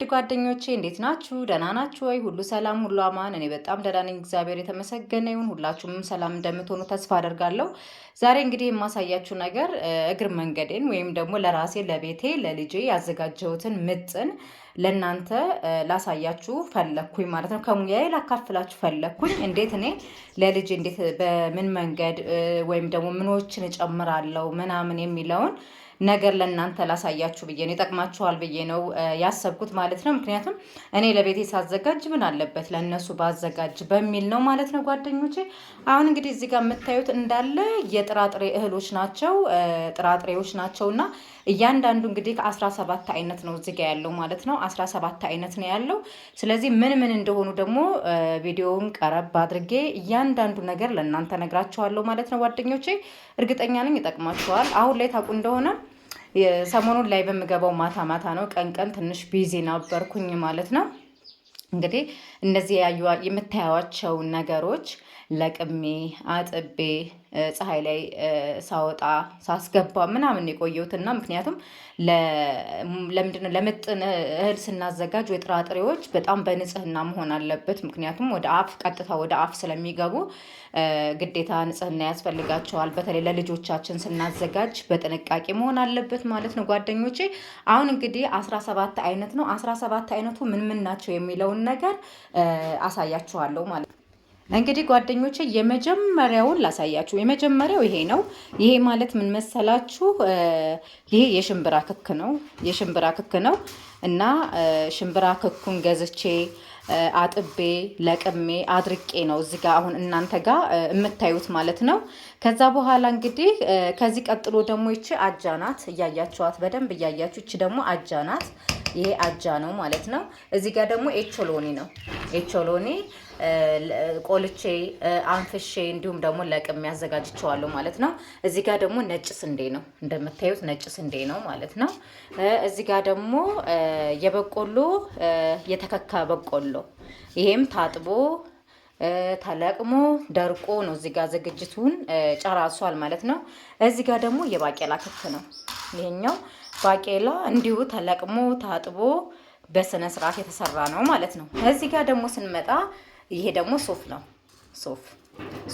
ውድ ጓደኞቼ እንዴት ናችሁ? ደህና ናችሁ ወይ? ሁሉ ሰላም፣ ሁሉ አማን? እኔ በጣም ደህና ነኝ፣ እግዚአብሔር የተመሰገነ ይሁን። ሁላችሁም ሰላም እንደምትሆኑ ተስፋ አደርጋለሁ። ዛሬ እንግዲህ የማሳያችሁ ነገር እግር መንገዴን ወይም ደግሞ ለራሴ ለቤቴ ለልጄ ያዘጋጀሁትን ምጥን ለእናንተ ላሳያችሁ ፈለግኩኝ ማለት ነው። ከሙያዬ ላካፍላችሁ ፈለግኩኝ። እንዴት እኔ ለልጅ እንዴት በምን መንገድ ወይም ደግሞ ምኖችን እጨምራለሁ ምናምን የሚለውን ነገር ለእናንተ ላሳያችሁ ብዬ ነው ይጠቅማችኋል ብዬ ነው ያሰብኩት ማለት ነው። ምክንያቱም እኔ ለቤቴ ሳዘጋጅ ምን አለበት ለእነሱ ባዘጋጅ በሚል ነው ማለት ነው ጓደኞቼ። አሁን እንግዲህ እዚህ ጋር የምታዩት እንዳለ የጥራጥሬ እህሎች ናቸው ጥራጥሬዎች ናቸው እና እያንዳንዱ እንግዲህ ከአስራ ሰባት አይነት ነው እዚህ ጋር ያለው ማለት ነው። አስራ ሰባት አይነት ነው ያለው። ስለዚህ ምን ምን እንደሆኑ ደግሞ ቪዲዮውን ቀረብ አድርጌ እያንዳንዱ ነገር ለእናንተ ነግራችኋለሁ ማለት ነው ጓደኞቼ። እርግጠኛ ነኝ ይጠቅማችኋል። አሁን ላይ ታውቁ እንደሆነ ሰሞኑን ላይ በምገባው ማታ ማታ ነው። ቀን ቀን ትንሽ ቢዚ ነበርኩኝ ማለት ነው። እንግዲህ እነዚህ የምታያቸው ነገሮች ለቅሜ አጥቤ ፀሐይ ላይ ሳወጣ ሳስገባ ምናምን እና ምክንያቱም ለምንድነው ለምጥን እህል ስናዘጋጅ ወይ ጥራጥሬዎች በጣም በንጽህና መሆን አለበት። ምክንያቱም ወደ አፍ ቀጥታ ወደ አፍ ስለሚገቡ ግዴታ ንጽህና ያስፈልጋቸዋል። በተለይ ለልጆቻችን ስናዘጋጅ በጥንቃቄ መሆን አለበት ማለት ነው ጓደኞቼ። አሁን እንግዲህ አስራ ሰባት አይነት ነው። አስራ ሰባት አይነቱ ምን ምን ናቸው የሚለውን ነገር አሳያችኋለሁ ማለት ነው። እንግዲህ ጓደኞቼ የመጀመሪያውን ላሳያችሁ። የመጀመሪያው ይሄ ነው። ይሄ ማለት ምን መሰላችሁ? ይሄ የሽምብራ ክክ ነው። የሽምብራ ክክ ነው እና ሽምብራ ክኩን ገዝቼ አጥቤ ለቅሜ አድርቄ ነው እዚህ ጋር አሁን እናንተ ጋር የምታዩት ማለት ነው። ከዛ በኋላ እንግዲህ ከዚህ ቀጥሎ ደግሞ ይቺ አጃ ናት። እያያችኋት በደንብ እያያችሁ፣ ይቺ ደግሞ አጃ ናት። ይሄ አጃ ነው ማለት ነው። እዚህ ጋር ደግሞ ኤቾሎኒ ነው የቾሎኒ ቆልቼ አንፍሼ እንዲሁም ደግሞ ለቅሜ አዘጋጅቸዋለሁ ማለት ነው። እዚህ ጋር ደግሞ ነጭ ስንዴ ነው እንደምታዩት ነጭ ስንዴ ነው ማለት ነው። እዚህ ጋር ደግሞ የበቆሎ የተከካ በቆሎ ይሄም ታጥቦ ተለቅሞ ደርቆ ነው እዚህ ጋር ዝግጅቱን ጨራሷል ማለት ነው። እዚህ ጋር ደግሞ የባቄላ ክክ ነው ይሄኛው ባቄላ እንዲሁ ተለቅሞ ታጥቦ በስነ ስርዓት የተሰራ ነው ማለት ነው። ከዚህ ጋር ደግሞ ስንመጣ ይሄ ደግሞ ሶፍ ነው። ሶፍ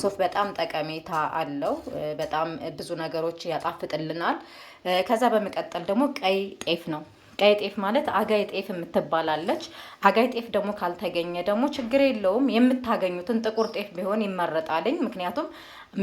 ሶፍ በጣም ጠቀሜታ አለው። በጣም ብዙ ነገሮች ያጣፍጥልናል። ከዛ በመቀጠል ደግሞ ቀይ ጤፍ ነው። ቀይ ጤፍ ማለት አጋይ ጤፍ የምትባላለች። አጋይ ጤፍ ደግሞ ካልተገኘ ደግሞ ችግር የለውም የምታገኙትን ጥቁር ጤፍ ቢሆን ይመረጣልኝ። ምክንያቱም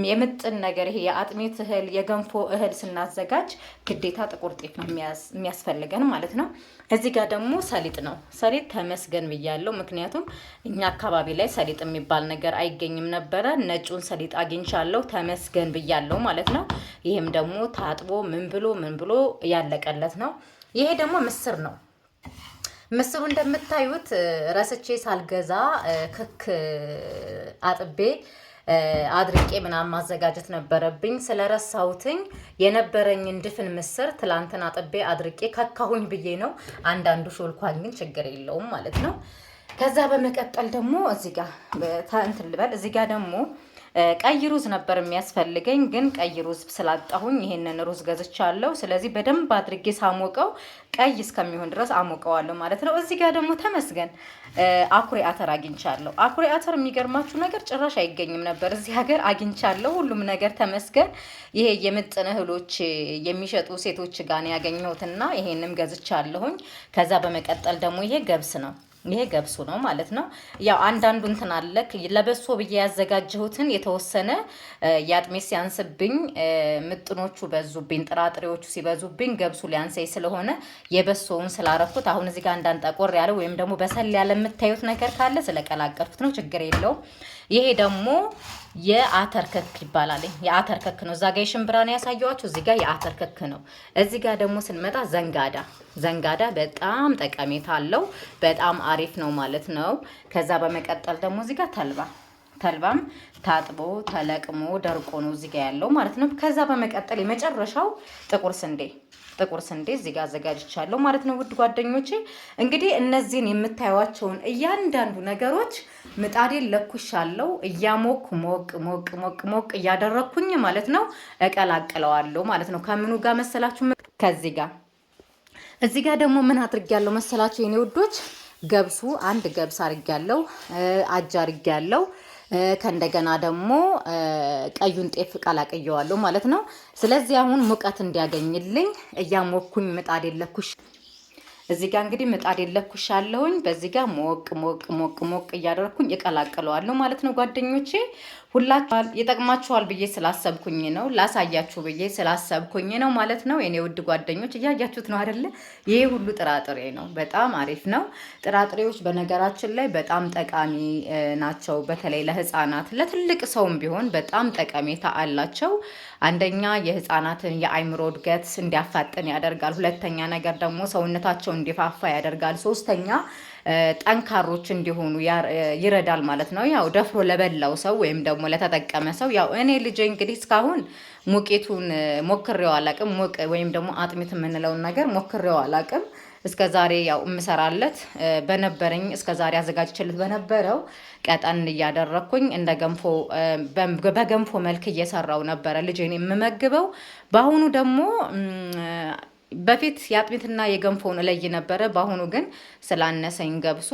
የምጥን ነገር ይሄ የአጥሜት እህል የገንፎ እህል ስናዘጋጅ ግዴታ ጥቁር ጤፍ ነው የሚያስፈልገን ማለት ነው። እዚህ ጋር ደግሞ ሰሊጥ ነው። ሰሊጥ ተመስገን ብያለሁ። ምክንያቱም እኛ አካባቢ ላይ ሰሊጥ የሚባል ነገር አይገኝም ነበረ። ነጩን ሰሊጥ አግኝቻለሁ። ተመስገን ብያለሁ ማለት ነው። ይህም ደግሞ ታጥቦ ምን ብሎ ምን ብሎ ያለቀለት ነው። ይሄ ደግሞ ምስር ነው። ምስሩ እንደምታዩት ረስቼ ሳልገዛ ክክ አጥቤ አድርቄ ምናምን ማዘጋጀት ነበረብኝ። ስለረሳሁትኝ የነበረኝን ድፍን ምስር ትላንትን አጥቤ አድርቄ ከካሁኝ ብዬ ነው። አንዳንዱ ሾልኳኝ፣ ግን ችግር የለውም ማለት ነው። ከዛ በመቀጠል ደግሞ እዚጋ እንትን ልበል እዚጋ ደግሞ ቀይ ሩዝ ነበር የሚያስፈልገኝ፣ ግን ቀይ ሩዝ ስላጣሁኝ ይሄንን ሩዝ ገዝቻለሁ። ስለዚህ በደንብ አድርጌ ሳሞቀው ቀይ እስከሚሆን ድረስ አሞቀዋለሁ ማለት ነው። እዚህ ጋር ደግሞ ተመስገን አኩሪ አተር አግኝቻለሁ። አኩሪ አተር የሚገርማችሁ ነገር ጭራሽ አይገኝም ነበር እዚህ ሀገር አግኝቻለሁ። ሁሉም ነገር ተመስገን። ይሄ የምጥን እህሎች የሚሸጡ ሴቶች ጋር ያገኘሁትና ይሄንም ገዝቻለሁኝ። ከዛ በመቀጠል ደግሞ ይሄ ገብስ ነው። ይሄ ገብሱ ነው ማለት ነው። ያው አንዳንዱ እንትን አለ ለበሶ ብዬ ያዘጋጀሁትን የተወሰነ የአጥሜት ሲያንስብኝ፣ ምጥኖቹ በዙብኝ፣ ጥራጥሬዎቹ ሲበዙብኝ ገብሱ ሊያንሰኝ ስለሆነ የበሶውን ስላረኩት አሁን እዚህ ጋር አንዳንድ ጠቆር ያለ ወይም ደግሞ በሰል ያለ የምታዩት ነገር ካለ ስለቀላቀልኩት ነው። ችግር የለውም። ይሄ ደግሞ የአተር ክክ ይባላል። የአተር ክክ ነው። እዛ ጋ የሽምብራ ነው ያሳየዋችሁ። እዚህ ጋ የአተር ክክ ነው። እዚህ ጋ ደግሞ ስንመጣ ዘንጋዳ፣ ዘንጋዳ በጣም ጠቀሜታ አለው። በጣም አሪፍ ነው ማለት ነው። ከዛ በመቀጠል ደግሞ እዚህ ጋ ተልባ፣ ተልባም ታጥቦ ተለቅሞ ደርቆ ነው እዚህ ጋ ያለው ማለት ነው። ከዛ በመቀጠል የመጨረሻው ጥቁር ስንዴ ጥቁር ስንዴ እዚህ ጋር አዘጋጅቻለሁ ማለት ነው። ውድ ጓደኞቼ እንግዲህ እነዚህን የምታዩቸውን እያንዳንዱ ነገሮች ምጣዴን ለኩሻለሁ። እያሞቅ ሞቅ ሞቅ ሞቅ ሞቅ እያደረግኩኝ ማለት ነው እቀላቅለዋለሁ ማለት ነው። ከምኑ ጋር መሰላችሁ? ከዚህ ጋር እዚህ ጋር ደግሞ ምን አድርጊያለሁ መሰላችሁ የኔ ውዶች? ገብሱ አንድ ገብስ አድርጊያለሁ። አጃ አድርጊያለሁ ከእንደገና ደግሞ ቀዩን ጤፍ ቀላቅየዋለሁ ማለት ነው። ስለዚህ አሁን ሙቀት እንዲያገኝልኝ እያሞኩኝ ምጣድ የለኩሽ እዚህ ጋር እንግዲህ ምጣድ የለኩሽ አለሁኝ። በዚህ ጋር ሞቅ ሞቅ ሞቅ ሞቅ እያደረኩኝ እቀላቅለዋለሁ ማለት ነው ጓደኞቼ። ሁላችኋል ይጠቅማችኋል ብዬ ስላሰብኩኝ ነው፣ ላሳያችሁ ብዬ ስላሰብኩኝ ነው ማለት ነው። የኔ ውድ ጓደኞች እያያችሁት ነው አይደለ? ይሄ ሁሉ ጥራጥሬ ነው። በጣም አሪፍ ነው። ጥራጥሬዎች በነገራችን ላይ በጣም ጠቃሚ ናቸው። በተለይ ለህፃናት፣ ለትልቅ ሰውም ቢሆን በጣም ጠቀሜታ አላቸው። አንደኛ የህፃናትን የአይምሮ እድገት እንዲያፋጥን ያደርጋል። ሁለተኛ ነገር ደግሞ ሰውነታቸው እንዲፋፋ ያደርጋል። ሶስተኛ ጠንካሮች እንዲሆኑ ይረዳል ማለት ነው። ያው ደፍሮ ለበላው ሰው ወይም ደግሞ ለተጠቀመ ሰው ያው እኔ ልጄ እንግዲህ እስካሁን ሙቂቱን ሞክሬው አላቅም። ሙቅ ወይም ደግሞ አጥሚት የምንለውን ነገር ሞክሬው አላቅም። እስከ ዛሬ ያው እምሰራለት በነበረኝ እስከ ዛሬ አዘጋጅችልት በነበረው ቀጠን እያደረግኩኝ እንደ ገንፎ በገንፎ መልክ እየሰራው ነበረ ልጄን የምመግበው። በአሁኑ ደግሞ በፊት የአጥሚትና የገንፎውን እለይ ነበረ። በአሁኑ ግን ስላነሰኝ ገብሱ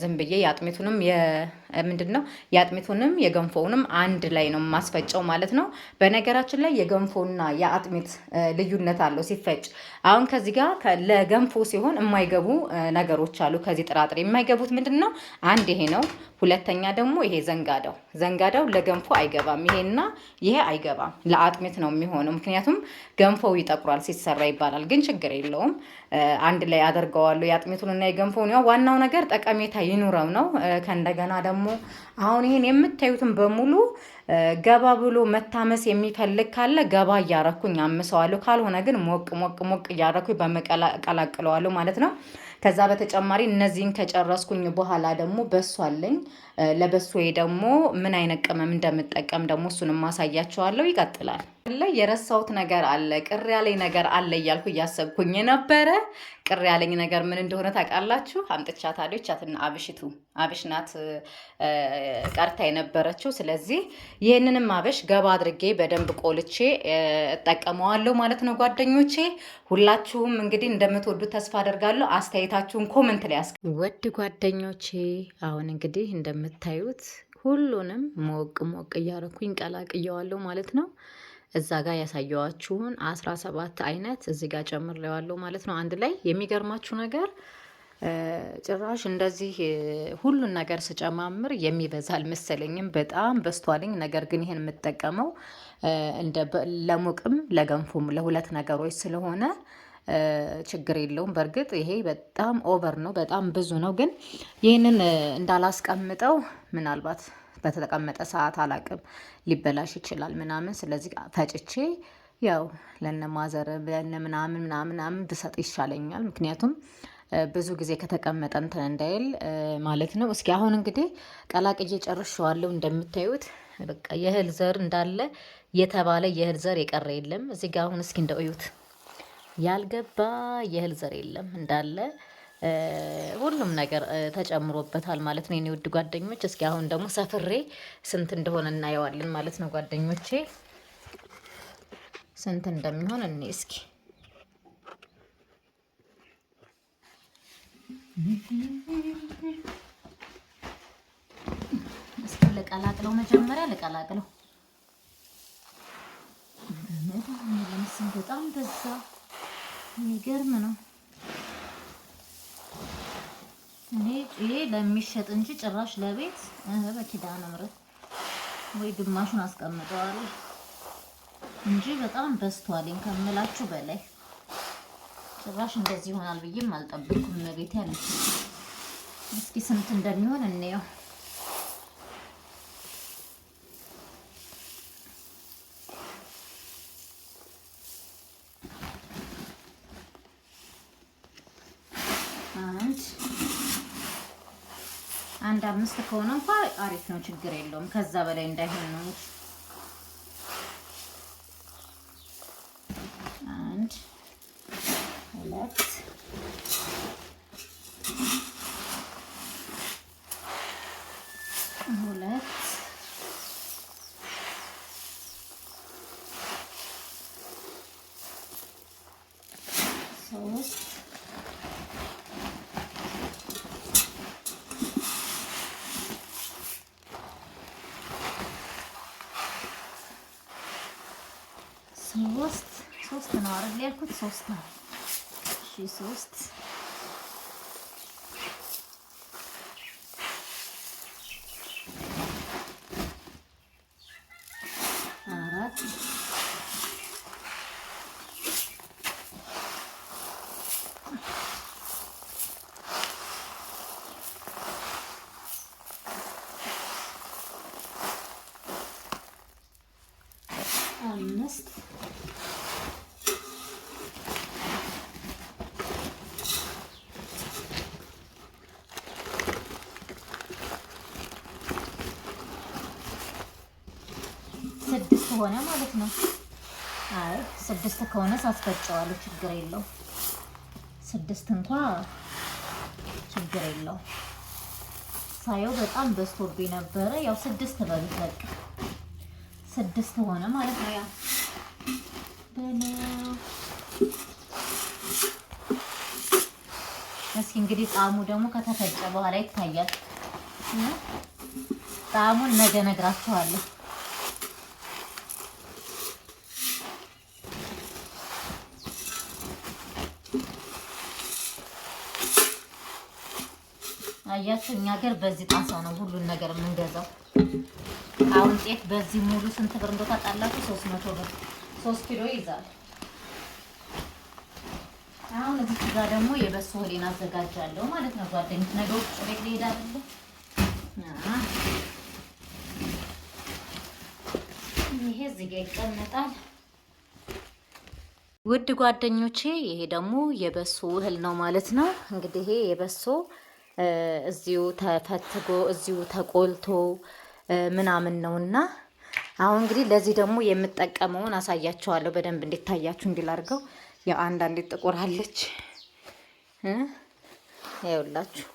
ዝም ብዬ የአጥሚቱንም ምንድን ነው የአጥሚቱንም የገንፎውንም አንድ ላይ ነው የማስፈጨው ማለት ነው። በነገራችን ላይ የገንፎና የአጥሚት ልዩነት አለው ሲፈጭ። አሁን ከዚህ ጋር ለገንፎ ሲሆን የማይገቡ ነገሮች አሉ። ከዚህ ጥራጥሬ የማይገቡት ምንድን ነው? አንድ ይሄ ነው። ሁለተኛ ደግሞ ይሄ ዘንጋዳው ዘንጋዳው ለገንፎ አይገባም። ይሄና ይሄ አይገባም። ለአጥሚት ነው የሚሆነው። ምክንያቱም ገንፎው ይጠቁራል ሲሰራ ይባላል። ግን ችግር የለውም አንድ ላይ አደርገዋለሁ የአጥሚቱንና የገንፎውን። ያው ዋናው ነገር ጠቀሜታ ይኑረው ነው። ከእንደገና ደግሞ ደግሞ አሁን ይሄን የምታዩትን በሙሉ ገባ ብሎ መታመስ የሚፈልግ ካለ ገባ እያረኩኝ አምሰዋለሁ። ካልሆነ ግን ሞቅ ሞቅ ሞቅ እያረኩኝ በመቀላቅለዋለሁ ማለት ነው። ከዛ በተጨማሪ እነዚህን ከጨረስኩኝ በኋላ ደግሞ በሶ አለኝ። ለበሶዬ ደግሞ ምን አይነት ቅመም እንደምጠቀም ደግሞ እሱንም ማሳያቸዋለሁ። ይቀጥላል። ላይ የረሳሁት ነገር አለ፣ ቅር ያለኝ ነገር አለ እያልኩ እያሰብኩኝ ነበረ። ቅር ያለኝ ነገር ምን እንደሆነ ታውቃላችሁ? አምጥቻ ታዲያ አብሽቱ አብሽ ናት ቀርታ የነበረችው። ስለዚህ ይህንንም አብሽ ገባ አድርጌ በደንብ ቆልቼ እጠቀመዋለሁ ማለት ነው። ጓደኞቼ ሁላችሁም እንግዲህ እንደምትወዱት ተስፋ አደርጋለሁ። አስተያየታችሁን ኮመንት ላይ ያስ ወድ ጓደኞቼ አሁን እንግዲህ እንደምታዩት ሁሉንም ሞቅ ሞቅ እያረኩኝ ቀላቅየዋለሁ ማለት ነው። እዛ ጋር ያሳየዋችሁን አስራ ሰባት አይነት እዚ ጋር ጨምሬዋለሁ ማለት ነው። አንድ ላይ የሚገርማችሁ ነገር ጭራሽ እንደዚህ ሁሉን ነገር ስጨማምር የሚበዛ አልመሰለኝም። በጣም በስቷልኝ። ነገር ግን ይህን የምጠቀመው እንደ ለሙቅም ለገንፎም ለሁለት ነገሮች ስለሆነ ችግር የለውም። በእርግጥ ይሄ በጣም ኦቨር ነው፣ በጣም ብዙ ነው። ግን ይህንን እንዳላስቀምጠው ምናልባት በተቀመጠ ሰዓት አላቅም ሊበላሽ ይችላል ምናምን። ስለዚህ ፈጭቼ ያው ለነ ማዘር ለነ ምናምን ምናምን ብሰጥ ይሻለኛል። ምክንያቱም ብዙ ጊዜ ከተቀመጠ እንትን እንዳይል ማለት ነው። እስኪ አሁን እንግዲህ ቀላቅዬ ጨርሼዋለሁ። እንደምታዩት በቃ የእህል ዘር እንዳለ የተባለ የእህል ዘር የቀረ የለም። እዚህ አሁን እስኪ እንደው እዩት። ያልገባ የእህል ዘር የለም እንዳለ ሁሉም ነገር ተጨምሮበታል ማለት ነው የኔ ውድ ጓደኞች። እስኪ አሁን ደግሞ ሰፍሬ ስንት እንደሆነ እናየዋለን ማለት ነው ጓደኞቼ፣ ስንት እንደሚሆን እኔ እስኪ እስኪ ልቀላቅለው መጀመሪያ ልቀላቅለው በጣም በዛ የሚገርም ነው። ይሄ ለሚሸጥ እንጂ ጭራሽ ለቤት በኪዳነ ምሕረት ወይ ግማሹን አስቀምጠዋል እንጂ በጣም በዝቷል ከምላችሁ በላይ። ጭራሽ እንደዚህ ይሆናል ብዬም አልጠብኩም። ቤት ያለች እስኪ ስንት እንደሚሆን እንየው። አምስት ከሆነ እንኳ አሪፍ ነው፣ ችግር የለውም። ከዛ በላይ እንዳይሆን ነው ነው አረግ ያልኩት ሶስት ነው። እሺ ሶስት አራት ከሆነ ማለት ነው። አይ ስድስት ከሆነ ሳስፈጨዋለሁ፣ ችግር የለው። ስድስት እንኳ ችግር የለው። ሳየው በጣም በዝቶብኝ ነበረ። ያው ስድስት በሉት በቃ ስድስት ሆነ ማለት ነው። ያው እስኪ እንግዲህ ጣዕሙ ደግሞ ከተፈጨ በኋላ ይታያል። ጣዕሙን ነገ ነግራችኋለሁ። አያችሁ፣ እኛ ሀገር በዚህ ጣሳ ነው ሁሉን ነገር የምንገዛው። አሁን ጤፍ በዚህ ሙሉ ስንት ብር እንደው ታውቃላችሁ? 300 ብር 3 ኪሎ ይዛል። አሁን እዚህ ጋር ደግሞ የበሶ ሆሌን አዘጋጃለሁ ማለት ነው። ጓደኞች ነገው ውጭ ቤት ሊሄድ አይደለ? ይሄ እዚህ ጋር ይቀመጣል። ውድ ጓደኞቼ ይሄ ደግሞ የበሶ እህል ነው ማለት ነው። እንግዲህ ይሄ የበሶ እዚሁ ተፈትጎ እዚሁ ተቆልቶ ምናምን ነው እና አሁን እንግዲህ ለዚህ ደግሞ የምጠቀመውን አሳያቸዋለሁ በደንብ እንዲታያችሁ እንዲል አድርገው። አንዳንዴ ጥቁር አለች ያውላችሁ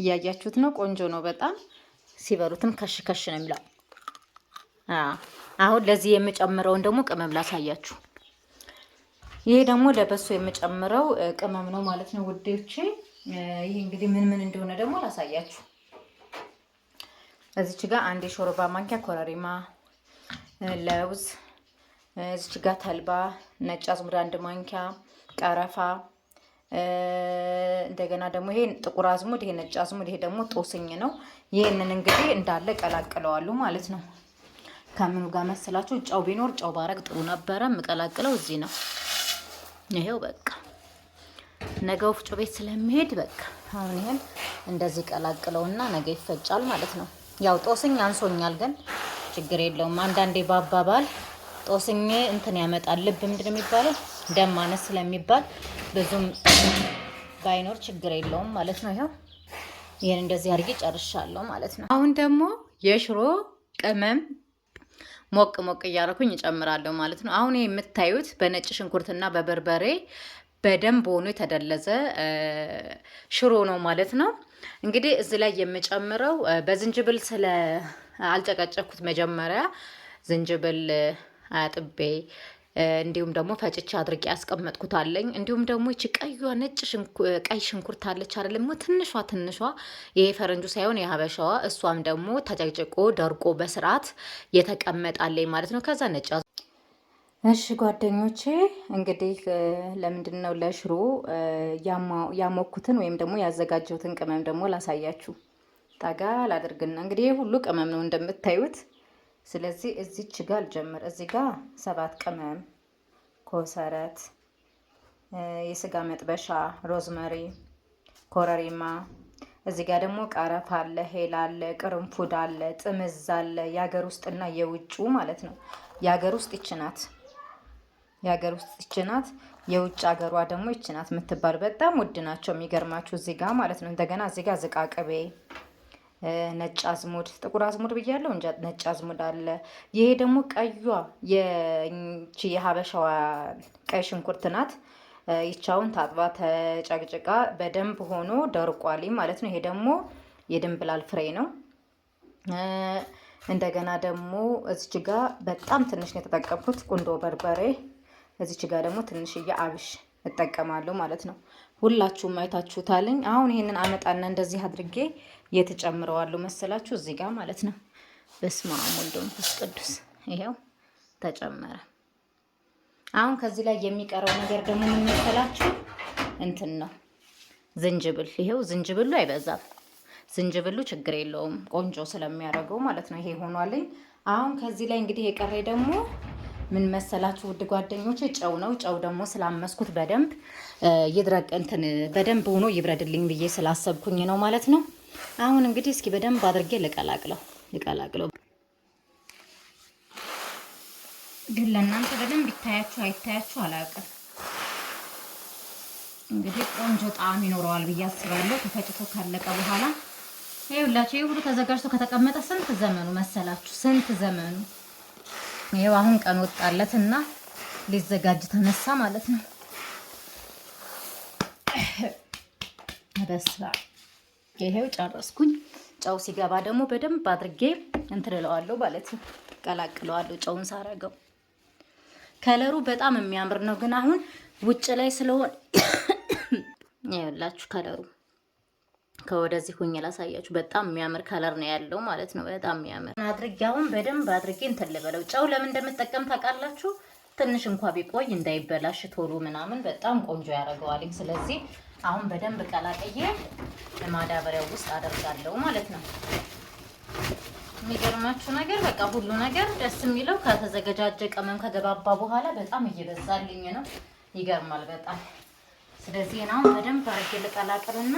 እያያችሁት ነው። ቆንጆ ነው በጣም ሲበሉትም ከሽ ከሽ ነው የሚለው። አሁን ለዚህ የምጨምረውን ደግሞ ቅመም ላሳያችሁ። ይሄ ደግሞ ለበሶ የምጨምረው ቅመም ነው ማለት ነው ውዴዎቼ። ይሄ እንግዲህ ምን ምን እንደሆነ ደግሞ ላሳያችሁ። እዚች ጋር አንድ የሾርባ ማንኪያ ኮረሪማ፣ ለውዝ፣ እዚች ጋር ተልባ፣ ነጭ አዝሙድ አንድ ማንኪያ፣ ቀረፋ እንደገና ደግሞ ይሄ ጥቁር አዝሙድ፣ ይሄ ነጭ አዝሙድ፣ ይሄ ደግሞ ጦስኝ ነው። ይህንን እንግዲህ እንዳለ ቀላቅለዋሉ ማለት ነው። ከምኑ ጋር መሰላችሁ? ጨው ቢኖር ጨው ባረግ ጥሩ ነበረ። የምቀላቅለው እዚህ ነው። ይሄው በቃ ነገ ወፍጮ ቤት ስለሚሄድ በቃ አሁን ይሄን እንደዚህ ቀላቅለውና ነገ ይፈጫል ማለት ነው። ያው ጦስኝ አንሶኛል፣ ግን ችግር የለውም። አንዳንዴ በአባባል ጦስኝ እንትን ያመጣል ልብ ምንድን ነው የሚባለው ደም ማነስ ስለሚባል ብዙም ባይኖር ችግር የለውም ማለት ነው። ይኸው ይህን እንደዚህ አድርጌ ጨርሻለሁ ማለት ነው። አሁን ደግሞ የሽሮ ቅመም ሞቅ ሞቅ እያረኩኝ እጨምራለሁ ማለት ነው። አሁን የምታዩት በነጭ ሽንኩርትና በበርበሬ በደንብ ሆኖ የተደለዘ ሽሮ ነው ማለት ነው። እንግዲህ እዚህ ላይ የምጨምረው በዝንጅብል ስለ አልጨቀጨኩት መጀመሪያ ዝንጅብል አጥቤ እንዲሁም ደግሞ ፈጭቼ አድርጌ ያስቀመጥኩት አለኝ። እንዲሁም ደግሞ ይቺ ቀዩዋ ነጭ ቀይ ሽንኩርት አለች አይደለም፣ ትንሿ ትንሿ ይሄ ፈረንጁ ሳይሆን የሀበሻዋ፣ እሷም ደግሞ ተጨቅጭቆ ደርቆ በስርዓት የተቀመጣለኝ ማለት ነው። ከዛ ነጭ እሺ ጓደኞቼ እንግዲህ ለምንድን ነው ለሽሮ ያሞኩትን ወይም ደግሞ ያዘጋጀሁትን ቅመም ደግሞ ላሳያችሁ። ጠጋ ላደርግና እንግዲህ ሁሉ ቅመም ነው እንደምታዩት ስለዚህ እዚች ጋር ልጀምር። እዚህ ጋር ሰባት ቅመም፣ ኮሰረት፣ የስጋ መጥበሻ፣ ሮዝመሪ፣ ኮረሪማ። እዚህ ጋር ደግሞ ቀረፋ አለ፣ ሄል አለ፣ ቅርንፉድ አለ፣ ጥምዝ አለ። የሀገር ውስጥና የውጩ ማለት ነው። የሀገር ውስጥ ይቺ የሀገር ውስጥ ይችናት። የውጭ ሀገሯ ደግሞ ይችናት ናት የምትባሉ በጣም ውድ ናቸው የሚገርማችሁ። እዚህ ጋር ማለት ነው። እንደገና እዚህ ጋር ዝቃቅቤ ነጭ አዝሙድ፣ ጥቁር አዝሙድ ብያለሁ፣ ነጭ አዝሙድ አለ። ይሄ ደግሞ ቀዩ የሀበሻዋ ቀይ ሽንኩርት ናት። ይቻውን ታጥባ ተጨቅጭቃ በደንብ ሆኖ ደርቋል ማለት ነው። ይሄ ደግሞ የድንብላል ፍሬ ነው። እንደገና ደግሞ እዚች ጋ በጣም ትንሽ ነው የተጠቀምኩት ቁንዶ በርበሬ። እዚች ጋ ደግሞ ትንሽዬ አብሽ እጠቀማለሁ ማለት ነው። ሁላችሁም አይታችሁታልኝ። አሁን ይህንን አመጣና እንደዚህ አድርጌ የተጨምረዋሉ መሰላችሁ እዚህ ጋር ማለት ነው። በስመ አብ ወወልድ ወመንፈስ ቅዱስ ይሄው ተጨመረ። አሁን ከዚህ ላይ የሚቀረው ነገር ደግሞ ምን መሰላችሁ እንትን ነው ዝንጅብል። ይሄው ዝንጅብሉ አይበዛም። ዝንጅብሉ ችግር የለውም ቆንጆ ስለሚያደርገው ማለት ነው። ይሄ ሆኗልኝ። አሁን ከዚህ ላይ እንግዲህ የቀረ ደግሞ ምን መሰላችሁ ውድ ጓደኞች፣ ጨው ነው። ጨው ደግሞ ስላመስኩት በደንብ ይድረቅ እንትን በደንብ ሆኖ ይብረድልኝ ብዬ ስላሰብኩኝ ነው ማለት ነው። አሁን እንግዲህ እስኪ በደንብ አድርጌ ልቀላቅለው ልቀላቅለው ግን ለእናንተ በደንብ ይታያችሁ አይታያችሁ አላውቅም። እንግዲህ ቆንጆ ጣዕም ይኖረዋል ብዬ አስባለሁ። ተፈጭቶ ካለቀ በኋላ ይኸውላችሁ ይህ ሁሉ ተዘጋጅቶ ከተቀመጠ ስንት ዘመኑ መሰላችሁ? ስንት ዘመኑ ይኸው አሁን ቀን ወጣለት እና ሊዘጋጅ ተነሳ ማለት ነው። በስራ ይሄው ጨረስኩኝ። ጨው ሲገባ ደግሞ በደንብ አድርጌ እንትን ማለት ነው፣ ቀላቅለዋለሁ ጨውን ሳረገው። ከለሩ በጣም የሚያምር ነው፣ ግን አሁን ውጭ ላይ ስለሆነ ይኸውላችሁ ከለሩ ከወደዚህ ሁኝ ላሳያችሁ። በጣም የሚያምር ከለር ነው ያለው ማለት ነው። በጣም የሚያምር አድርጌ አሁን በደንብ አድርጌ እንትን ልበለው። ጨው ለምን እንደምጠቀም ታውቃላችሁ? ትንሽ እንኳ ቢቆይ እንዳይበላሽ ቶሎ ምናምን በጣም ቆንጆ ያደርገዋልኝ። ስለዚህ አሁን በደንብ ቀላቀየ ለማዳበሪያው ውስጥ አደርጋለሁ ማለት ነው። የሚገርማችሁ ነገር በቃ ሁሉ ነገር ደስ የሚለው ከተዘገጃጀ ቅመም ከገባባ በኋላ በጣም እየበዛልኝ ነው። ይገርማል በጣም ስለዚህ አሁን በደንብ አድርጌ ልቀላቅልና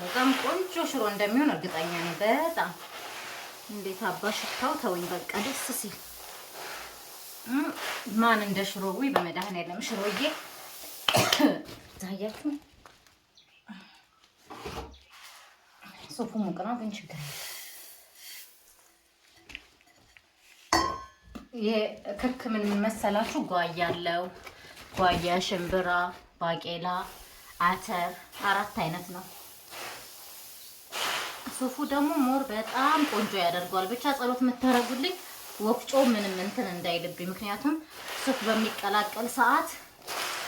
በጣም ቆንጆ ሽሮ እንደሚሆን እርግጠኛ ነኝ። በጣም እንዴት አባ ሽታው ተወኝ በቃ ደስ ሲል ማን እንደ ሽሮዊ በመድኃኒዓለም ሽሮዬ ታያችሁ። ሱፉ ሙቅ ነው ግን ችግር የክክ ምን መሰላችሁ? ጓያ አለው። ጓያ፣ ሽምብራ፣ ባቄላ፣ አተር አራት አይነት ነው። ሱፉ ደግሞ ሞር በጣም ቆንጆ ያደርገዋል። ብቻ ጸሎት የምታደርጉልኝ ወፍጮ ምንም እንትን እንዳይልብኝ፣ ምክንያቱም ሱፍ በሚቀላቀል ሰዓት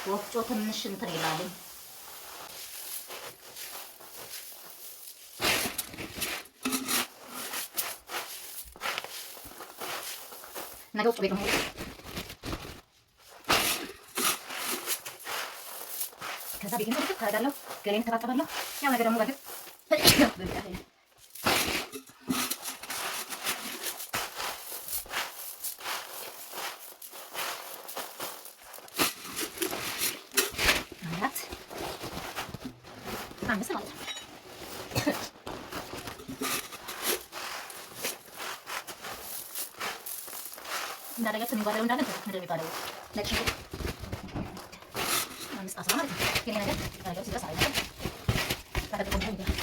ወፍጮ ትንሽ እንትን ይላልኝ። ነገ ወፍጮ ቤት ነው። ከዛ ቤት ነው ታደርጋለሁ። ገሌን ተጣጣባለሁ። ያው ነገር ደግሞ తాడు నెక్స్ట్ అసలు తిరిగినాక సిద్ధ సాయి కట్టుకుంటూ ఉంటాను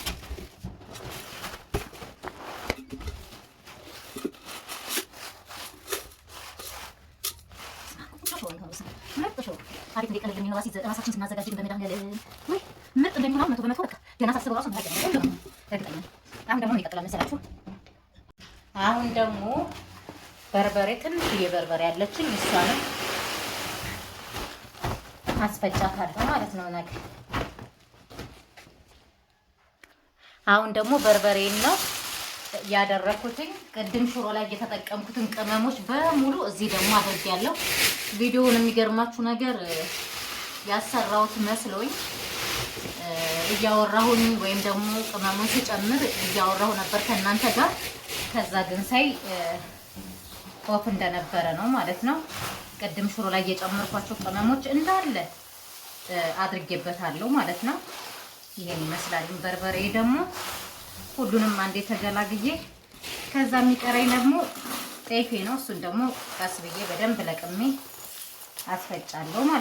Harap ko siya. Harap hindi ka lang yung mga saksin sinasagad yung dami ng galing. በርበሬ ትንሽዬ በርበሬ ያለችን እሷንም አስፈጫታለሁ ማለት ነው። ነገ አሁን ደግሞ በርበሬን ነው ያደረኩትኝ። ቅድም ሽሮ ላይ የተጠቀምኩትን ቅመሞች በሙሉ እዚህ ደግሞ አድርጌያለሁ። ቪዲዮውን የሚገርማችሁ ነገር ያሰራሁት መስሎኝ እያወራሁኝ ወይም ደግሞ ቅመሙን ስጨምር እያወራሁ ነበር ከእናንተ ጋር ከዛ ግን ሳይ ወፍ እንደነበረ ነው ማለት ነው። ቅድም ሽሮ ላይ የጨመርኳቸው ቅመሞች እንዳለ አድርጌበታለሁ ማለት ነው። ይሄን ይመስላል። በርበሬ ደግሞ ሁሉንም አንዴ ተገላግዬ ከዛ የሚቀረኝ ደግሞ ጤፌ ነው። እሱን ደግሞ ቀስ ብዬ በደንብ ለቅሜ አስፈጫለሁ ማለት ነው።